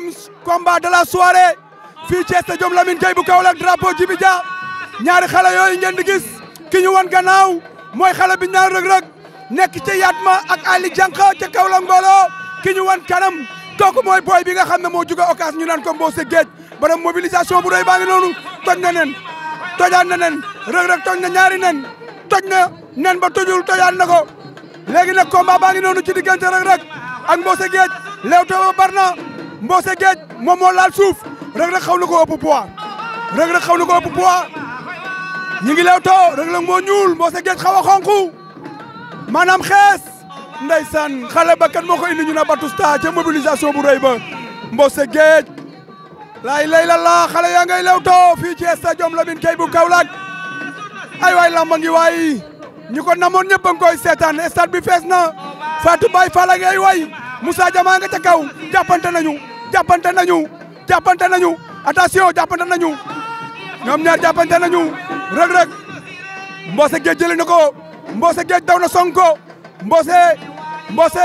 deuxième combat de la soirée fii ci stadium Lamine Gueye bu Kaolack drapeau Djibi Dia ñaari xale yooyu ngeen ki ñu wan gannaaw mooy xale bi ñaar rëg-rëg nekk ca Yatma ak Ali Dianka ca Kaolack Ngolo ki ñu wan kanam kooku mooy booy bi nga xam ne moo jóge Ocass ñu naan ko Mbossé Géej borom mobilisation bu doy baa ngi noonu toj na nen tojaan na nen rëg-rëg toj na ñaari nen toj na nen ba tojul tojaan na ko léegi nag combat baa noonu ci diggante rëg-rëg ak Mbossé Géej léew ba bar na Mbossé Gueye moom moo laal suuf Reug Reug xaw na ko ëpp poids Reug xaw na ko ëpp poids ñu ngi leew too Reug Reug moo ñuul Mbossé Gueye xaw a xonku maanaam xees ndeysaan xale ba kan moo ko indi ñu na Batousta ca mobilisation bu rëy ba Mbossé Gueye laay lay la laa xale yaa ngay leew too fii ci stade Lamine Gueye bu Kaolack ay waay lamba ngi waay ñi ko namoon ñëpp a ngi koy seetaan stade bi fees na Fatou Mbaye Fall a ngay Moussa Diama ca kaw jàppante nañu jàppante nañu jàppante nañu attention jàppante nañu ñoom ñaar jàppante nañu Reug Reug Mbossé Gueye jëlee na ko Mbossé Gueye daw na Sonko Mbossé Mbossé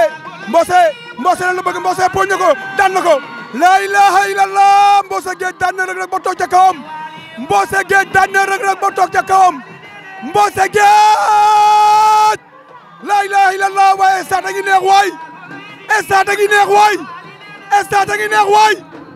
Mbossé Mbossé lan la bëgg Mbossé poñ na ko daan na ko la ilaha illallah Mbossé ca kawam Mbossé Gueye daan na Reug ca kawam Mbossé Gueye la ilaha illallah waaye sax dañuy stade a neex waay stade a neex waay